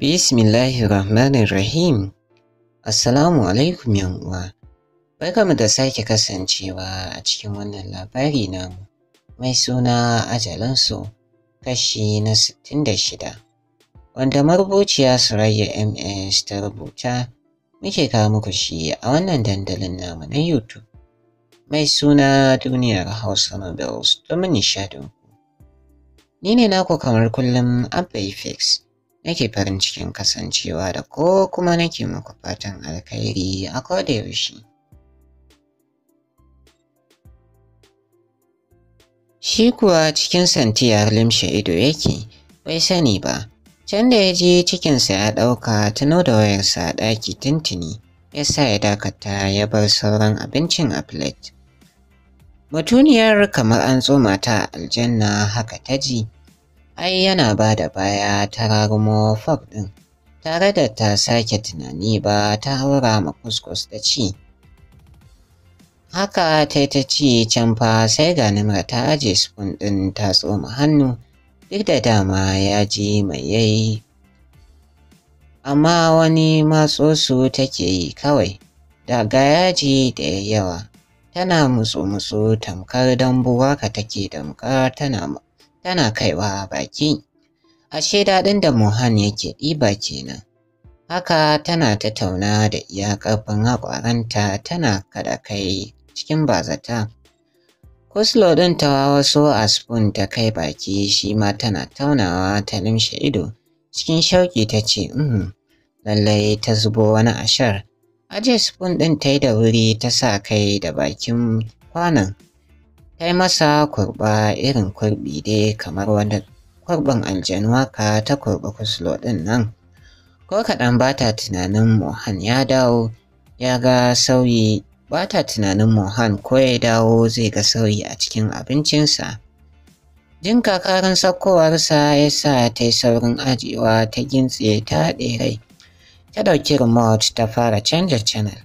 Bismillahirrahmanirrahim. Assalamu alaikum uwa. Barkamu da sake kasancewa a cikin wannan labari namu mai suna ajalansu kashi na 66 wanda marubuciya Surayya MS ta rubuta muke kawo muku shi a wannan dandalin namu na YouTube mai suna duniyar Hausa Nobels domin nishadinku. Ni ne naku kamar kullum Abba Effects. nake farin cikin kasancewa da ko kuma nake muku fatan alkhairi a koda yaushe. Shi kuwa cikin santiyar limshe ido yake, bai sani ba, can da ya je cikinsa ya ɗauka tuno da wayarsa a ɗaki tintini, ya sa ya dakata ya bar sauran abincin a plate. Mutuniyar kamar an tsoma ta aljanna haka ta ji. ai yana ba da baya ta rarumo fog ɗin, tare da ta sake tunani ba ta haura ma kuskus da ci. Haka ta ta ci can fa sai ga Nimra ta aje spoon ɗin ta tsoma hannu duk da dama ya ji mai yayi. Amma wani matso su take yi kawai, da daga yaji da yawa, tana mutsu-mutsu tamkar dambuwa waka take damka tana tana kaiwa baki. Ashe daɗin da Mohan yake ɗiba kenan. Haka tana tattauna da iya ƙarfin haƙwaranta tana kaɗa kai cikin bazata. Kuslo ɗin ta wasu a spoon ta kai baki shi ma tana taunawa ta limshe ido. Cikin shauƙi ta ce, uhm, lallai ta zubo wani ashar." Aje spoon ɗin ta yi da wuri ta sa kai da bakin kwanan ta yi masa kurɓa irin kurɓi dai kamar wani kurɓin aljanu haka ta kurɓi kusurwa ɗin nan. Ko kaɗan ba ta tunanin Mohan ya dawo ya ga sauyi ba ta tunanin Mohan ko ya dawo zai ga sauyi a cikin abincinsa. Jin kakarin saukowarsa ya sa ta yi saurin ajiyewa ta gintse ta haɗe rai. Ta ɗauki remote ta fara canja channel.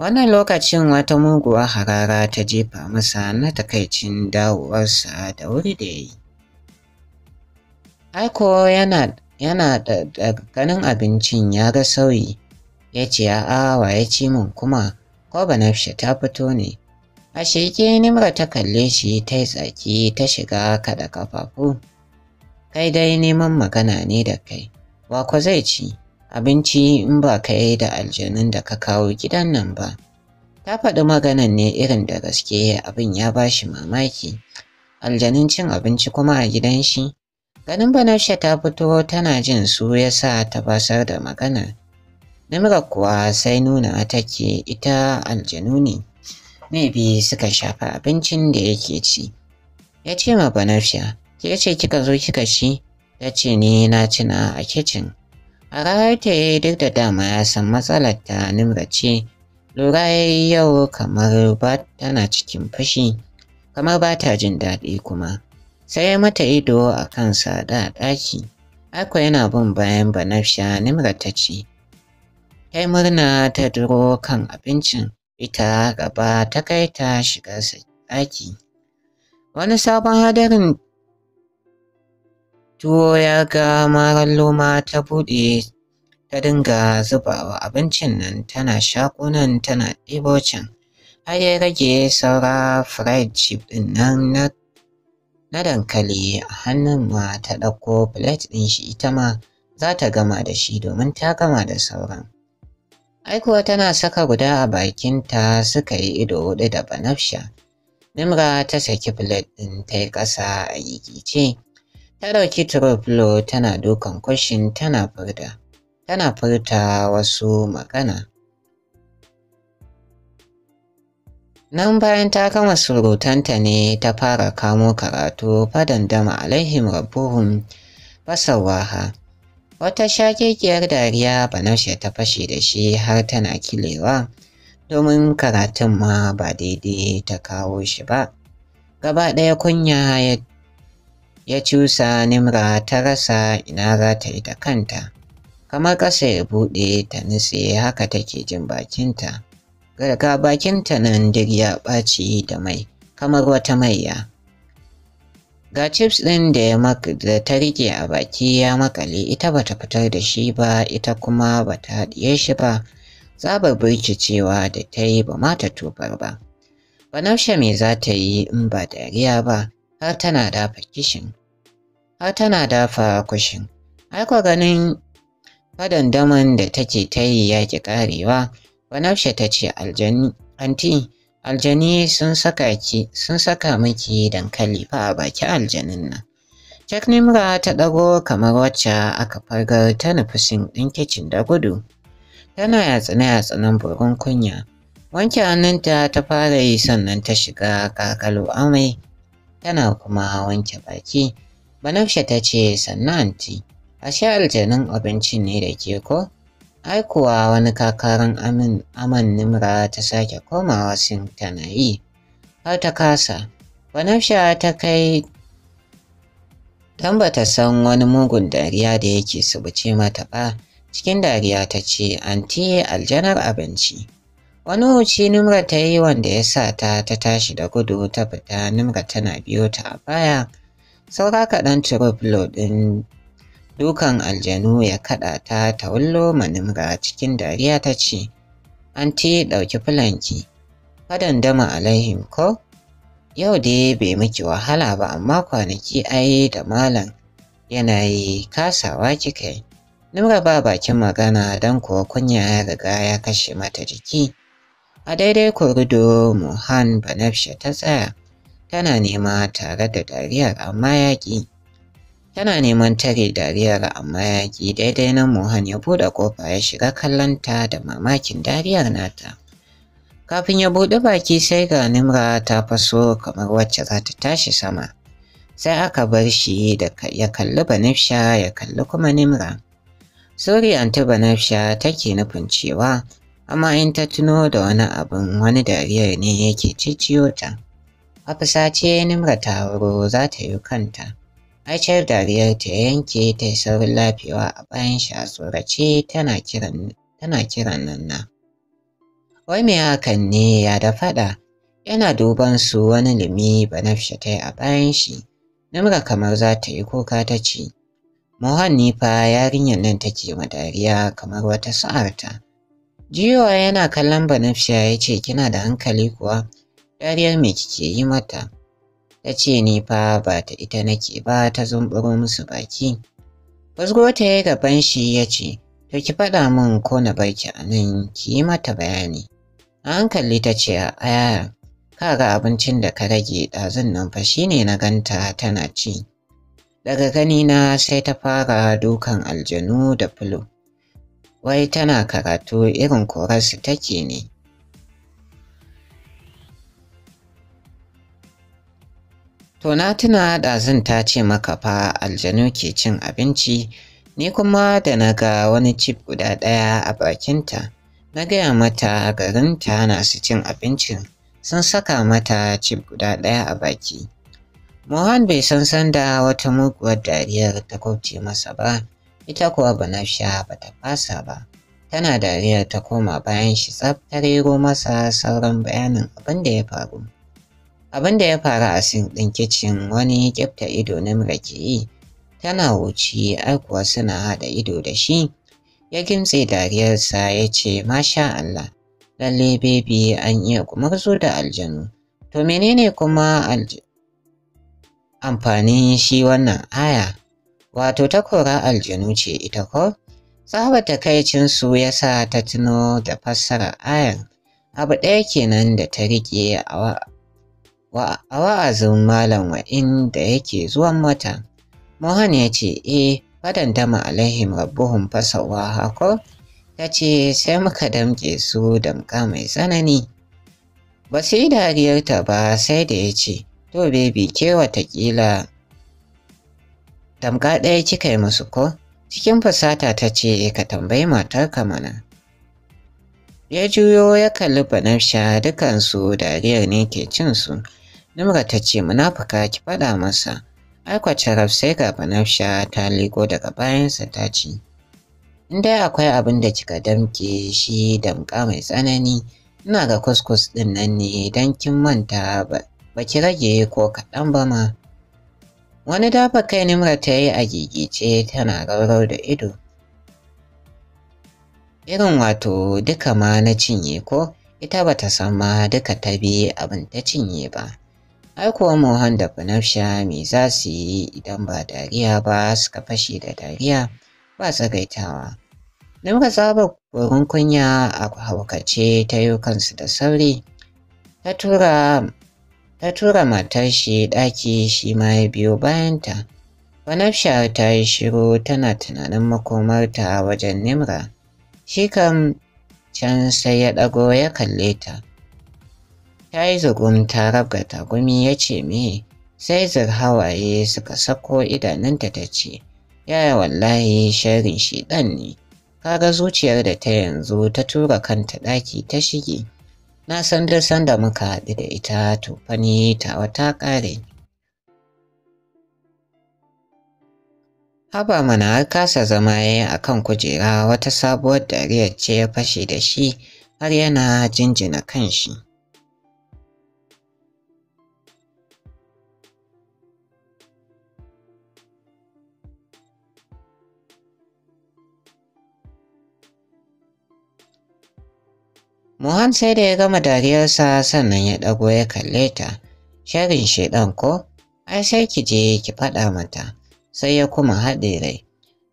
Wannan lokacin wata muguwa harara ta jefa masa na takaicin dawowarsa da wuri da ya yi. Aiko yana da ganin abincin ya ga sauyi, ya ce a'a wa ya ci mun kuma ko banafshe ta fito ne. A shirke Nimra ta kalle shi ta yi tsaki ta shiga kaɗa kafafu. Kai dai neman magana ne da kai, wa ko zai ci? abinci in ba ka yi da aljanun da ka kawo gidan nan ba. Ta faɗi maganan ne irin da gaske abin ya ba shi mamaki. Aljanun cin abinci kuma a gidan shi. Ganin Banafsha ta fito tana jin su ya sa ta basar da magana. Namira kuwa sai nuna ta ke ita aljanu ne. mai biyu suka shafa abincin da yake ci. Ya ce ma Banafsha, ke ce kika zo kika ci? Ta ce ni na cina a kicin. A Arate duk da dama ya san matsalar ta Nimra ce, lura ya yau kamar ba tana cikin fashi, kamar ba ta jin daɗi kuma. Sai mata ido a kansa da ɗaki, Aiko yana bin bayan Banafsha Nimra ta ce, Kai murna ta duro kan abincin, ita gaba ta kai ta shiga ɗaki. Wani sabon hadarin tuwo ya gama ma ta buɗe ta dinga zubawa abincin nan tana shakunan nan tana ɗebo can har ya rage saura fried chip ɗin nan na na dankali a hannun ma ta ɗauko plate ɗin shi ita ma za ta gama da shi domin ta gama da sauran. Aikuwa tana saka guda a bakinta suka yi ido huɗu da banafsha. Nimra ta saki plate ɗin ta yi ƙasa a ce. ta ɗauki turoflo tana dukan kwashin tana furta tana furta wasu magana nan bayan ta kama surutanta ne ta fara kamo karatu fadan dama alaihim rabbuhum fasawaha wata shakekiyar dariya banaushe ta fashe da shi har tana kilewa domin karatun ma ba daidai ta kawo shi ba gaba ɗaya kunya ya ya cusa Nimra ta rasa ina za ta yi da kanta. Kamar ƙasa ya buɗe ta nutse haka take jin bakinta. Garga bakinta nan duk ya ɓaci da mai, kamar wata maiya. Ga chips ɗin da ya da ta rike a baki ya makale ita bata fitar da shi ba ita kuma bata haɗiye shi ba. Tsabar cewa da ta yi ba ma ta tubar ba. Banaushe me za ta yi in ba dariya ba. har tana dafa kishin har tana dafa kushin ai kwa ganin fadan daman da take ta yi ya ki karewa banafsha ta ce aljani anti aljani sun saka ki sun saka miki dankali fa a baki aljanin nan Jack Nimra ta ɗago kamar wacce aka fargar ta nufi sin ɗin kicin da gudu. Tana yatsina-yatsinan burin kunya. Wanke hannunta ta fara yi sannan ta shiga kakalo amai. tana kuma wanke baki. Banafsha ta ce sannan anti, ashe aljanun abinci ne da ke ko? Ai kuwa wani kakaran amin aman nimra ta sake komawa sin tana yi, har ta kasa. Banafsha ta kai Dan ta san wani mugun dariya da yake subuce mata ba, cikin dariya ta ce, Anti aljanar abinci. Wani huci Nimra ta yi wanda ya sa ta ta tashi da gudu ta fita Nimra tana biyo ta a baya. Saura kaɗan turuflo ɗin dukan aljanu ya kaɗa ta ta wullo ma Nimra cikin dariya ta ce, Anti ɗauki fulanki, fadan dama alaihim ko? Yau dai bai miki wahala ba amma kwanaki ai da malam yana yi kasawa kika yi. Nimra ba bakin magana don kuwa kunya ya riga ya kashe mata jiki. A daidai korido Mohan Banafsha ta tsaya, tana nema tare da dariyar amma yaƙi. Tana neman tare dariyar amma yaƙi daidai nan Mohan ya buɗe ƙofa ya shiga kallonta da mamakin dariyar nata. Kafin ya buɗe baki sai ga Nimra ta faso kamar wacce za ta tashi sama. Sai aka bar shi da ya kalli Banafsha ya kalli kuma Nimra. Sori Anti Banafsha take nufin cewa amma in ta tuno da wani abin wani dariyar ne yake ciciyo ta. A ce Nimra ta wuro za ta yi kanta. Aishar dariyar ta yanke ta yi saurin lafiyawa a bayan shi a tsorace tana kiran tana kiran nan na. Wai me hakan ne ya da faɗa? Yana duban su wani limi Banafsha ta yi a bayan shi. Nimra kamar za ta yi kuka ta ce, Mohan ni fa yarinyar nan take dariya kamar wata sa'arta. Jiyowa yana kallon Banafsha ya ce kina da hankali kuwa dariyar me kike yi mata. Ta ce ni fa ba ta ita nake ba ta zumburo musu baki. Wasu ta yi gaban shi ya ce to ki faɗa min ko na ki a nan ki yi mata bayani. A hankali ta ce a aya, ka ga abincin da ka rage ɗazun nan fa ne na ganta tana ci. Daga ganina sai ta fara dukan aljanu da fulo. wai tana karatu irin koras take ne. To na tuna zan ta ce maka fa aljanu ke cin abinci, ni kuma da na ga wani cif guda ɗaya a bakinta, na gaya mata garinta na su cin abincin, sun saka mata cif guda ɗaya a baki. Mohan bai san da wata muguwar dariyar ta kauce masa ba, ita kuwa Banafsha ba ta fasa ba. Tana dariya ta koma bayan shi tsab ta rero masa sauran bayanin abin da ya faru. Abin da ya faru a sin ɗin kicin wani kyafta ido na ke yi, tana wuce ai kuwa suna haɗa ido da shi. Ya gimtse dariyarsa ya ce, Masha Allah, lalle bebi an iya zo da aljanu. To menene kuma amfanin shi wannan aya? wato ta kora aljanu ce ita ko? Tsabar takaicinsu ya sa ta tuno da fassarar ayar. abu ɗaya kenan da ta riƙe a wa'azin malam wa'in da yake zuwan mata. Mohan ya ce, "E, fadan dama alaihim rabbuhum fasawa hako?" Ta ce, "Sai muka damƙe su damƙa mai tsanani." Ba su yi dariyarta ba sai da ya ce, "To, bebi, ke watakila Tamka ɗaya kika yi musu ko? Cikin fasata ta ce eh, ka tambayi matar mana. Ya juyo ya kalli Banafsha dukansu dariyar ne ke cinsu. numra ta ce munafuka ki faɗa masa. Aikwace raf sai ga Banafsha ta liko daga bayansa ta ce. In dai akwai abin da kika damke shi damƙa mai tsanani, ina ga kuskus ɗin nan ne don kin manta ba ki rage ko kaɗan ba ma. Wani dafa kai Nimra ta yi a gigice tana raurau da ido. Irin wato duka ma na cinye ko ita bata san ma duka ta bi abin ta cinye ba. Ai kuwa Mohan da Funafsha me za su yi idan ba dariya ba suka fashe da dariya ba tsagaitawa. Nimra tsabar korin kunya a haukace ta yi kansu da sauri ta tura ta tura matar shi ɗaki shi ma ya biyo bayanta. Banafsha ta yi shiru tana tunanin makomarta wajen Nimra. Shi kam can sai ya ɗago ya kalle ta. Ta yi zugun ta rabga tagumi ya ce me sai zir hawaye suka sako idanunta ta ce, Yaya wallahi sharin shi ɗan ne, kaga zuciyar da ta yanzu ta tura kanta ɗaki ta shige. na san duk da muka haɗu da ita to fani tawa ta ƙare haba mana har kasa zama ya yi a kujera wata sabuwar dariyar ce ya fashe da shi har yana jinjina kanshi. Mohan sai da ya gama dariyarsa sannan ya ɗago ya kalle ta. Sharin shaidan ko? Ai sai ki je ki faɗa mata. Sai ya kuma haɗe rai.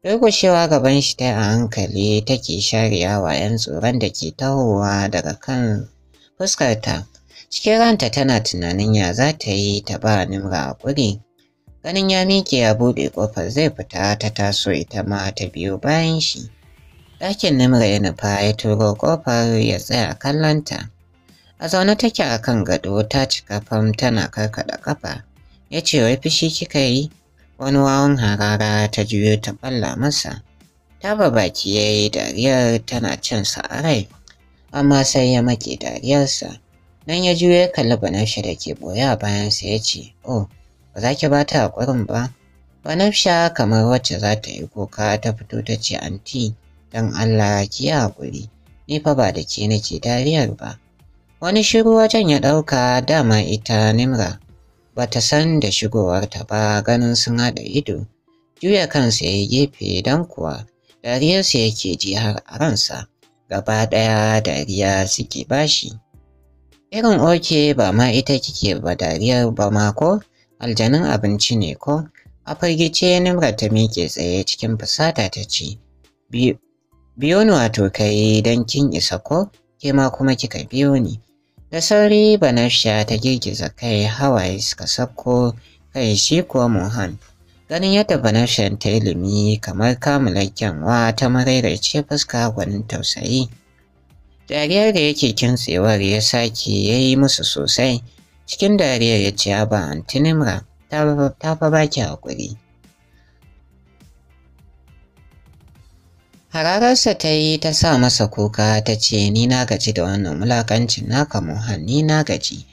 Durgushewa gaban shi ta yi a hankali take shariya 'yan tsoron da ke tahowa daga kan fuskarta. Cikin ranta tana tunanin ya za ta yi ta ba Nimra a ƙuri. Ganin ya miƙe ya buɗe ƙofar zai fita ta taso ita ma ta biyo bayan shi. ɗakin namra ya nufa ya turo ƙofar ya tsaya kallonta. A zaune take a kan gado ta cika fam tana karkaɗa ƙafa. Ya ce wai fushi kika yi? Wani wawan harara ta juyo ta ɓalla masa. Ta ba baki ya yi dariyar tana cin sa a rai, amma sai ya maƙe dariyarsa. Nan ya juyo ya kalli Banafsha da ke ɓoye a bayansa ya ce, Oh, ba za ki ba ta haƙurin ba? Banafsha kamar wacce za ta yi kuka ta fito ta ce, Anti, don Allah ki haƙuri, ni fa ba da ke nake dariyar ba. Wani shiru wajen ya ɗauka dama ita Nimra, ba ta san da shigowarta ba ganin sun haɗa ido, juya kansa ya gefe don kuwa dariyarsa yake ji har a ransa, gaba ɗaya dariya suke bashi. Irin oke ba ma ita kike ba dariyar ba ma ko? aljanin abinci ne ko? A firgice Nimra ta miƙe tsaye cikin fusata ta ce, biyo ni wato kai don kin isa ko ke ma kuma kika biyo ni da sauri banasha ta girgiza kai hawaye suka sako kai shi kuwa mohan ganin yadda banashan ta ilimi kamar kamular kyanwa ta maraira ce fuska gwanin tausayi dariyar da yake kintsewar ya sake ya yi musu sosai cikin dariyar ya ce ba antinimra ta fa baki haƙuri Harararsa ta yi ta sa masa kuka ta ce ni na gaji da wannan mulakancin naka Mohan ni na gaji.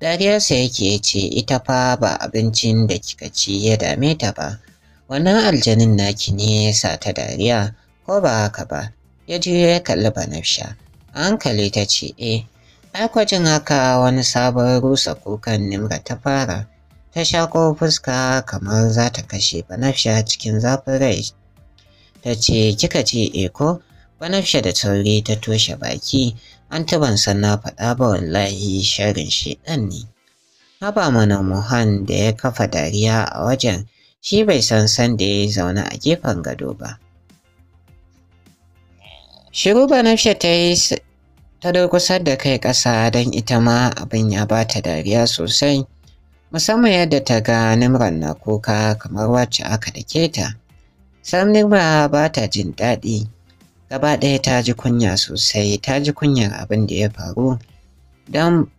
Dariyarsa yake ce ita fa ba abincin da kika ci ya dame ta ba. Wannan aljanin naki ne ya sa ta dariya ko ba haka ba. Ya juyo ya kalli Banafsha. A hankali ta ce eh. Aikwajin haka wani sabon rusa kukan Nimra ta fara. Ta sha ko fuska kamar za ta kashe Banafsha cikin zafin rai ta ce kika ce eko eh banafsha da sauri ta toshe baki an taban san na faɗa ba wallahi sharin shedan ne haba mana mohan da ya kafa dariya a wajen shi bai san san da ya zaune a gefen gado ba shiru banafsha ta yi ta durkusar da kai ƙasa don ita ma abin ya ba ta dariya sosai musamman yadda ta ga nimran na kuka kamar wacce aka dake ta Sam Nigma ba ta jin daɗi. Gaba ɗaya ta ji kunya sosai, ta ji kunyar abin da ya faru. Don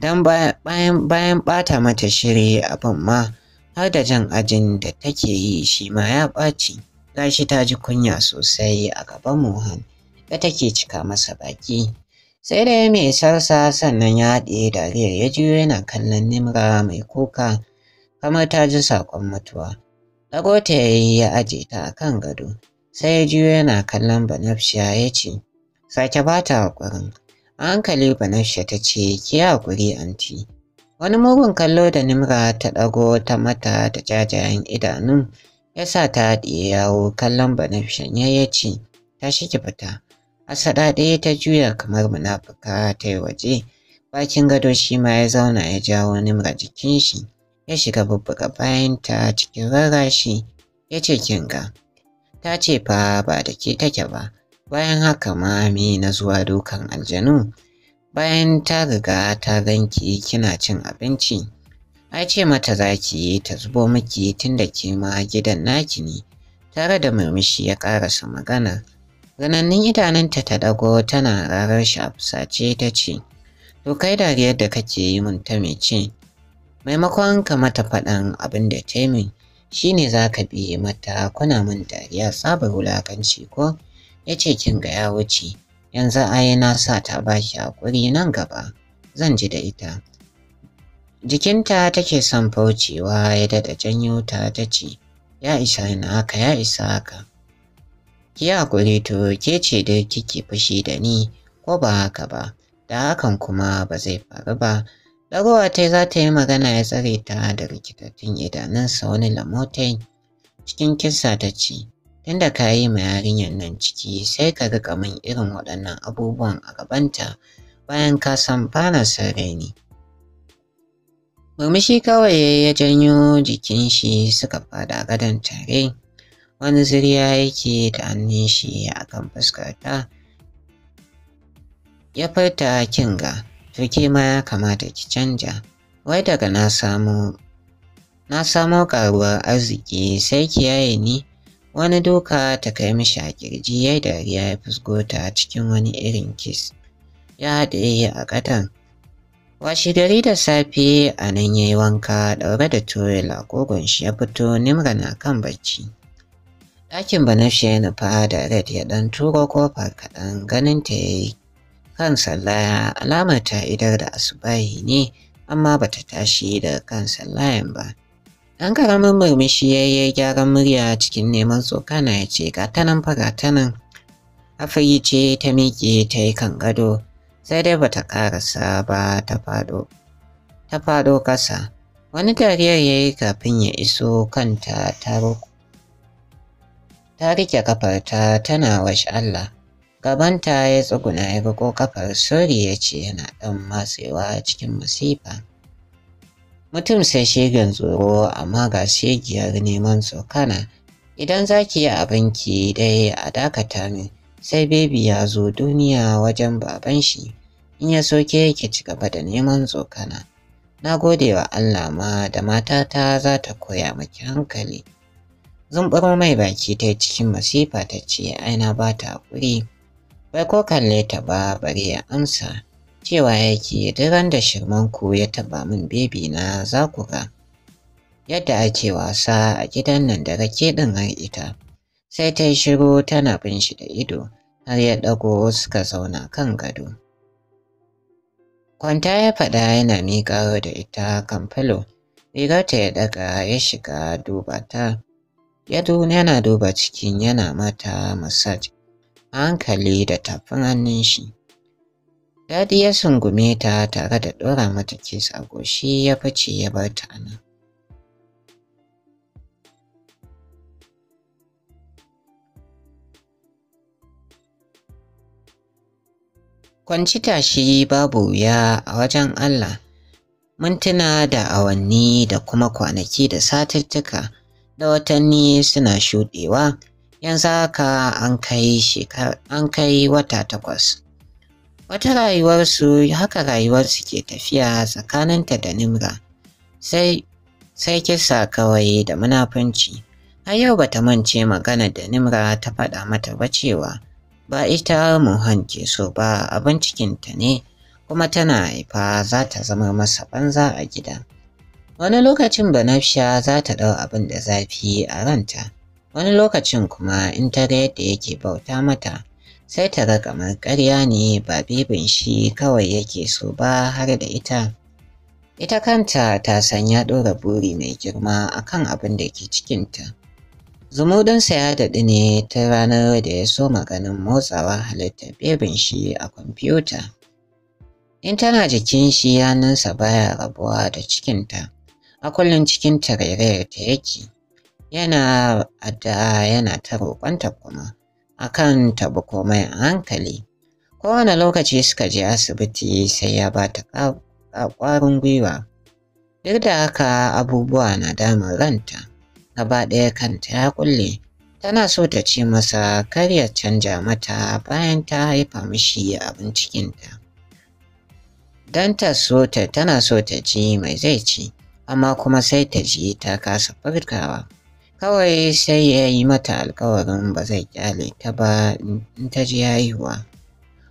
Dan bayan bayan ɓata mata shiri abin ma har da jan ajin da take yi shi ma ya ɓaci. Gashi ta ji kunya sosai a gaban Mohan da take cika masa baki. Sai da mai sarsa sannan ya haɗe dariyar ya juyo yana kallon Nimra mai kuka kamar ta ji saƙon mutuwa. Ɗago ya yi ya aje ta a kan gado, sai ya juyo yana kallon Banafsha ya ce, Sake ba ta haƙurin. A hankali Banafsha ta ce, Ki haƙuri anti. Wani mugun kallo da Nimra ta ɗago ta mata da jajayen idanun ya sa ta haɗiye yawo kallon Banafsha ya ya ce, Ta ki fita. a ɗaya ta juya kamar munafuka ta yi waje, bakin gado shi ma ya zauna ya jawo Nimra jikin shi. ya shiga bubbuga ta cikin rarashi ya ce kinga ta ce fa ba da ke take ba bayan haka ma me na zuwa dukan aljanu bayan ta riga ta ganki kina cin abinci ai ce mata za ki yi ta zubo miki tun da ke ma gidan naki ne tare da murmushi ya karasa magana ranannin idanunta ta dago tana rarar shi a fusace ta ce to kai dariyar da kake yi mun ta mai ce. maimakon ka mata faɗan abin da ta min shi ne za ka biye mata kuna min dariya saba wulakanci ko ya ce kin ga ya wuce yanzu ai na sa ta ba shi haƙuri nan gaba zan ji da ita jikinta take son faucewa ya daɗa janyo ta ta ce ya isa yana haka ya isa haka ki haƙuri to ke ce da kike fushi da ni ko ba haka ba da hakan kuma ba zai faru ba Dagowa ta za ta yi magana ya tsare ta da rikitattun idanunsa wani lamotai cikin kisa ta ce, Tunda ka yi ma yarinyar nan ciki sai ka riƙa kamar irin waɗannan abubuwan a gabanta bayan ka san bana son raini. Murmushi kawai ya janyo jikin shi suka fada gadon tare, wani zirya yake da hannun shi a kan fuskarta. Ya furta kinga. Riki ma ya kamata ki canja. Wai daga na samo na samo karuwar arziki sai kiyaye ni wani doka ta kai mishi a kirji ya dariya ya fusgo ta cikin wani irin kis. Ya haɗe a ƙatan. Washi gari da safe a nan ya yi wanka ɗaure da toyel a kogon shi ya fito Nimra na kan bacci. Ɗakin Banafshe ya nufa da Red ya ɗan turo kofar kaɗan ganin ta ya yi kan sallaya alamar ta idar da asubahi ne amma bata tashi da kan sallayan ba. Ɗan karamin murmushi ya yi gyaran murya cikin neman tsokana ya ce ga tanan fa ga ta Afiri ce ta miƙe ta yi kan gado sai dai bata ƙarasa ba ta faɗo. Ta faɗo ƙasa wani dariyar ya yi kafin ya iso kanta ta Ta riƙe kafarta tana washe Allah. Gabanta ya tsuguna ya bugo kafar sori ya ce yana ɗan matsewa cikin masifa. Mutum sai shegen tsoro amma ga shegiyar neman tsokana. Idan za ki yi abinki dai a dakata min sai bebi ya zo duniya wajen baban shi in ya soke ki ci gaba da neman tsokana. Na gode wa Allah ma da matata za ta koya maki hankali. Zumburo mai baki ta cikin masifa ta ce aina ba ta haƙuri. bai ko kalle ta ba bare ya amsa cewa yake daren da shirmanku ya taba min bebi na za ku ga yadda ake wasa a gidan nan da rake din har ita sai ta yi shiru tana bin shi da ido har ya ɗago suka zauna kan gado kwanta ya faɗa yana miƙa da ita kan filo rigarta ya daga ya shiga duba ta ya yana duba cikin yana mata massage a hankali da tafin hannun shi. Dadi ya sungume ta tare da ɗora mata kes a goshi ya fice ya bar ta nan. Kwanci tashi babu wuya a wajen Allah, mintuna da awanni da kuma kwanaki da satuttuka da watanni suna shuɗewa. yanzu haka an kai an kai wata takwas wata rayuwarsu haka rayuwarsu ke tafiya tsakaninta da nimra sai sai kisa kawai da munafunci har yau bata mance magana da nimra ta faɗa mata ba cewa ba ita Mohan ke so ba abin cikinta ne kuma tana haifa za ta zama masa banza a gida. Wani lokacin Banafsha za ta dau abin da zafi a ranta, wani lokacin kuma in ta ga yadda yake bauta mata sai ta ga kamar ƙarya ne ba bibin shi kawai yake so ba har da ita ita kanta ta san ya ɗora buri mai girma akan abin da ke cikinta zumuɗinsa ya daɗi ne ta ranar da ya so maganin motsawa halitta bebin shi a kwamfuta in tana jikin shi yanansa baya rabuwa da cikinta a kullum cikin tarairayar ta yake yana addu'a yana ta roƙonta kuma akan tabi komai a hankali kowane lokaci suka je asibiti sai ya ba ta ƙwarin gwiwa duk da haka abubuwa na damar ranta gaba ɗaya kanta ya ƙulle. tana so ta ce masa kar ya canja mata bayan ta haifa mishi abin cikinta don ta so ta tana so ta ji mai zai ci amma kuma sai ta ji ta kasa farkawa kawai sai ya yi mata alkawarin ba zai kyale ta ba in ta ji haihuwa.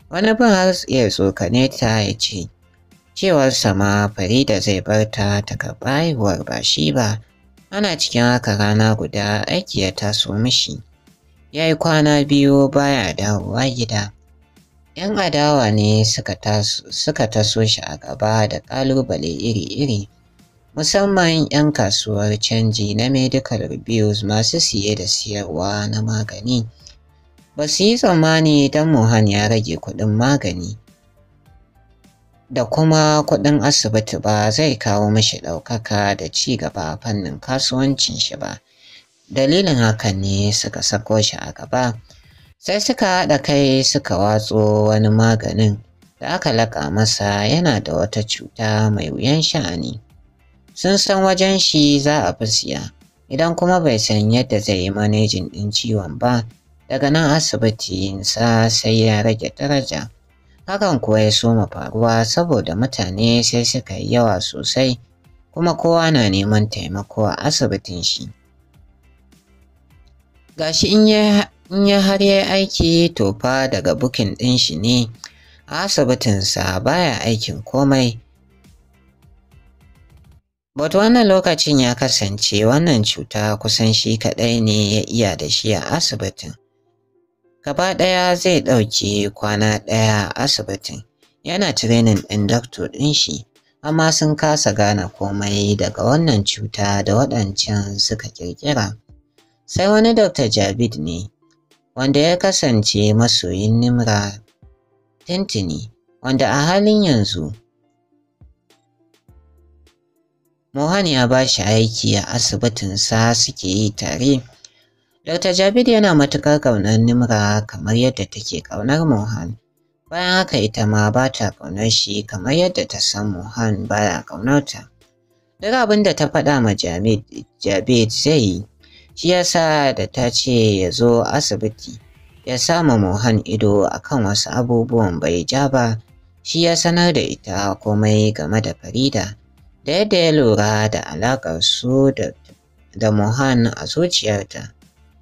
Wani bin har ya tsokane ta ya ce, cewar sama Farida zai bar ta ta karɓa haihuwar ba shi ba, ana cikin haka rana guda aiki ya taso mishi. Ya yi kwana biyu baya dawowa gida. ‘Yan adawa ne suka taso shi a gaba da ƙalubale iri-iri. musamman 'yan kasuwar canji na medical reviews masu siye da siyarwa na magani ba su yi tsammani don Mohan ya rage kuɗin magani da kuma kuɗin asibiti ba zai kawo mashi ɗaukaka da ci gaba fannin kasuwancin shi ba dalilin hakan ne suka sako shi a gaba sai suka haɗa kai suka watso wani maganin da aka laƙa masa yana da wata cuta mai wuyan sha'ani. sun san wajen shi za a fi siya idan kuma bai san yadda zai yi manejin ɗin ciwon ba daga nan asibitinsa sai ya rage daraja hakan kuwa ya soma faruwa saboda mutane sai suka yi yawa sosai kuma kowa na neman taimako a asibitin shi gashi in ya har ya aiki tofa daga bukin ɗin shi ne a asibitinsa baya aikin komai But wannan lokacin ya kasance wannan cuta kusan shi kaɗai ne ya iya da shi a asibitin. Gaba ɗaya zai ɗauki kwana ɗaya a asibitin, yana tirenin ɗin doctor ɗin shi, amma sun kasa gane komai daga wannan cuta da waɗancan suka ƙirƙira. Sai wani Dr. Javid ne, wanda ya kasance masoyin Nimra Tintini, wanda a halin yanzu Mohan ya ba shi aiki a asibitin sa suke yi tare. Dr. Jabir yana matuƙar ƙaunar Nimra kamar yadda take ƙaunar Mohan. Bayan haka ita ma ba ta ƙaunar shi kamar yadda ta san Mohan ba ya Duk abin da ta faɗa ma Jabir zai yi, shi sa da ta ce ya zo asibiti ya sama Mohan ido akan wasu abubuwan bai ja ba, shi ya sanar da ita komai game da Farida. da yadda ya lura da alaƙar su da, da Mohan a zuciyarta.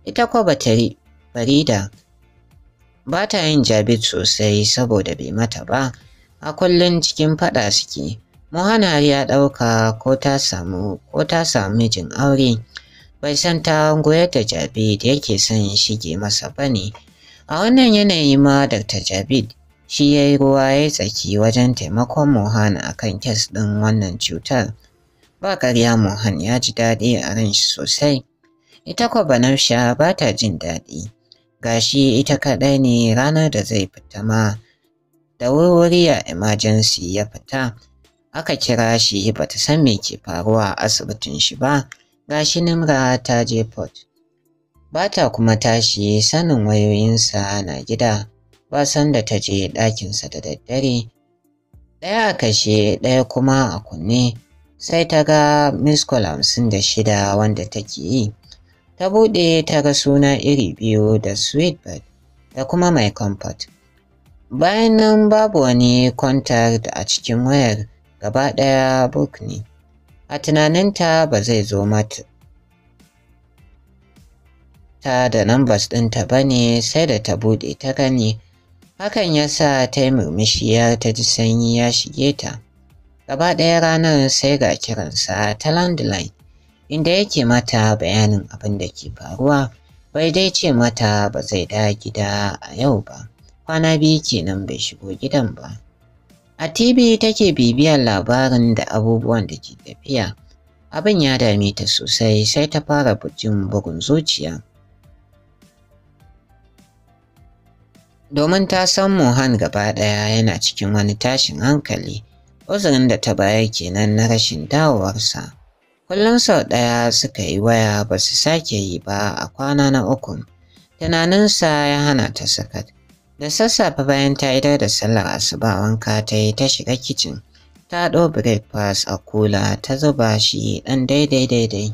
Ita kwa batari Farida ba ta yin jabit sosai saboda bai mata ba, a kullum cikin faɗa suke. Mohan ya ɗauka ko ta samu ko ta samu mijin aure. bai san ta goyar da Jabit yake son shige masa ba ne. A wannan yanayi ma Dr. Jabid shi ya yi ruwa ya tsaki wajen taimakon Mohan a kan kes ɗin wannan cutar. Ba ƙarya Mohan ya ji daɗi a ran shi sosai. Ita kwa Banafsha ba ta jin daɗi. Gashi ita kaɗai ne ranar da zai fita ma. Da wurwuri a emergency ya fita. Aka kira shi ba ta san me ke faruwa a asibitin shi ba. Gashi Nimra ta je port. Ba ta kuma tashi sanin wayoyinsa na gida. ba da ta je ɗakinsa da daddare ɗaya a kashe ɗaya kuma a kunne sai ta ga miskol hamsin da shida wanda take yi ta buɗe ta ga suna iri biyu da sweet bird da kuma mai comfort bayan nan babu wani contact a cikin wayar gaba ɗaya book ne a tunaninta ba zai zo mata ta da numbers ɗinta ba ne sai da ta buɗe ta gani Hakan ya sa ta yi murmushi ya ta ji sanyi ya shige ta. Gaba ɗaya ranar sai ga kiransa ta landline, inda yake mata bayanin abin da ke faruwa, bai dai ce mata ba zai da gida a yau ba, kwana biyu kenan bai shigo gidan ba. A TV take bibiyar labarin da abubuwan da ke tafiya, abin ya dame ta sosai sai ta fara jin bugun zuciya. domin ta san Mohan gaba ɗaya yana cikin wani tashin hankali, uzurin da ta bayar kenan na rashin dawowarsa. Kullum sau ɗaya suka yi waya ba su sake yi ba a kwana na uku. Tunaninsa ya hana ta sakat. Da sassafe bayan ta idar da sallar asuba wanka ta yi ta shiga kicin. Ta ɗo breakfast a kula ta zuba shi ɗan daidai daidai.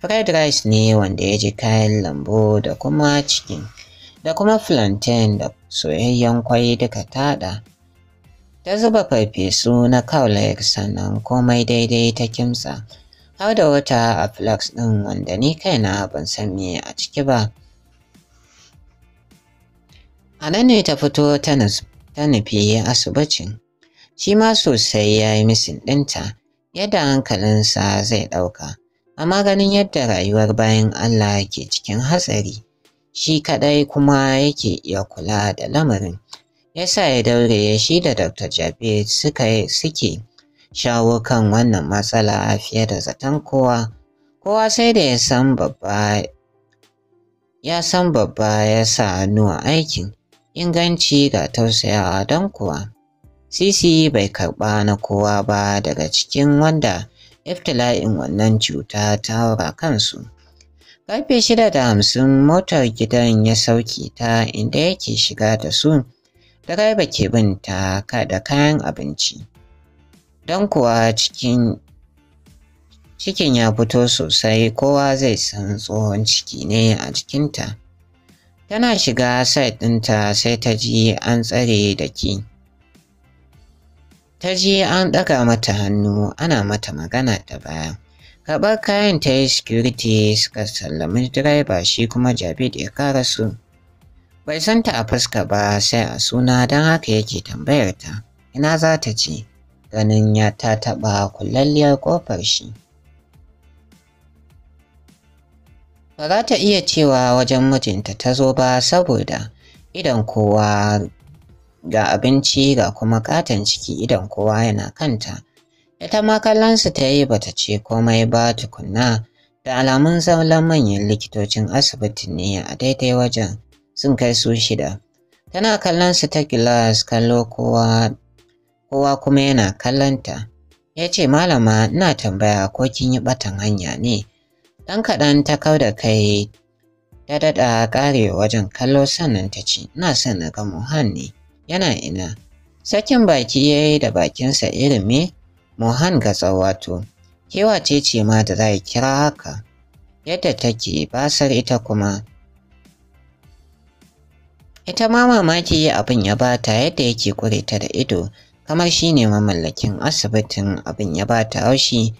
Fried rice ne wanda ya ji kayan lambu da kuma cikin. da kuma plantain da soyayyen kwai duka taɗa. Ta zuba farfesu na cowlick sannan komai daidai ta kimsa. Har da wata a flux ɗin wanda ni kaina ban san me a ciki ba. A nan ne ta fito ta nufi asibicin. Shi ma sosai ya yi misin ɗinta yadda hankalinsa zai ɗauka. Amma ganin yadda rayuwar bayan Allah ke cikin hatsari. shi kaɗai kuma yake iya kula da lamarin. Yasa ya daure shi da Dr. Jabe suka suke shawo kan wannan matsala fiye da zaton kowa. Kowa sai da ya san babba ya san babba ya sa nuwa aikin inganci ga tausayawa don kuwa. Sisi bai karɓa na kowa ba daga cikin wanda iftila'in wannan cuta ta kansu. Karfe shida da hamsin motar gidan ya sauke ta inda yake shiga da su, direba ke bin ta da kayan abinci. Don kuwa cikin cikin ya fito sosai kowa zai san tsohon ciki ne a jikinta. Tana shiga sai ɗinta sai ta ji an tsare da ke. Ta ji an ɗaga mata hannu ana mata magana ta baya. Karɓar kayan ta yi security suka sallami direba shi kuma jabid ya kara su. Bai san ta a fuska ba sai a suna don haka yake tambayar ta, ina za ta ce, ganin ya ta taɓa kullalliyar ƙofar shi. Ba za ta iya cewa wajen mijinta ta zo ba saboda idan kowa ga abinci ga kuma katon ciki idan kowa yana kanta Ita ma kallonsu ta yi bata ce komai ba tukunna da alamun zaulan manyan likitocin asibiti ne a daidai wajen sun kai su shida. Tana kallonsu ta gilas kallo kowa kowa kuma yana kallonta. Ya ce malama ina tambaya ko kin yi batan hanya ne. Ɗan kaɗan ta kau da kai ta daɗa ƙare wajen kallo sannan ta ce ina son na ga Mohan yana ina. Sakin baki ya yi da bakinsa irin me Mohan Gatsawato, kewa ce ce ma da za kira haka, yadda take basar ita kuma. Ita ma mamaki yi abin ya bata yadda yake kure ta da ido, kamar shi ne mamallakin asibitin abin ya bata haushi.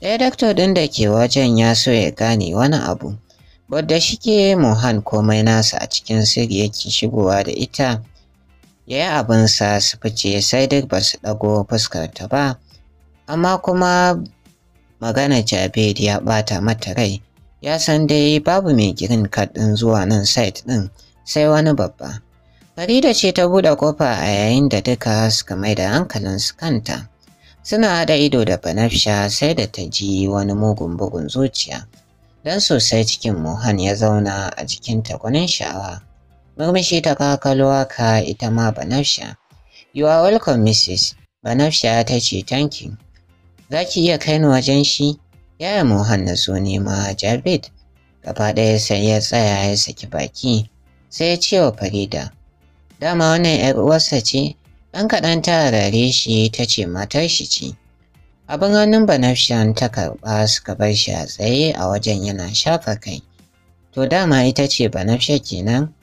Ɗaya eh, dakto ɗin da ke wajen ya so ya gane wani abu, wadda shi ke Mohan komai nasa a cikin sirri yake shigowa da ita. Ya yi sa su fice sai duk ba su ɗago fuskarta ba. amma kuma magana Jabed ya bata mata rai, ya san dai babu mai girin kad zuwa nan site ɗin sai wani babba. Farida ce ta buɗe kofa a yayin da duka suka mai da su kanta. Suna da ido da Banafsha sai da ta ji wani mugun bugun zuciya. Dan sosai cikin Mohan ya zauna a jikin ta gwanin sha'awa. Murmushi ta kakalwa ka ita ma Banafsha. You are welcome Mrs. Banafsha ta ce thank you. za ki iya kai ni wajen shi yaya mohan na ne nema jabit gaba ɗaya sai ya tsaya ya saki baki sai ya ce wa farida dama wannan yar uwarsa ce ɗan kaɗan ta rare shi ta ce matar shi ce abin hannun banafshan ta karɓa suka bar shi a tsaye a wajen yana shafa kai to dama ita ce banafshan kenan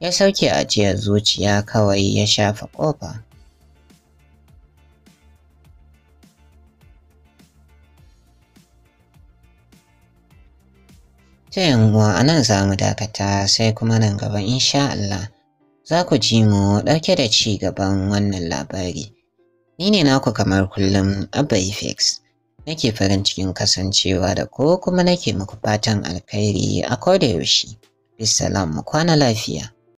ya sauke ajiyar zuciya kawai ya shafa ƙofa Ta yanguwa a nan za mu dakata sai kuma nan gaba insha Allah za ku ji mu ɗauke da ci gaban wannan labari. Ni ne naku kamar kullum Abba Fix. Nake farin cikin kasancewa da ko kuma nake muku fatan alkhairi a koda yaushe. Bisalam mu kwana lafiya.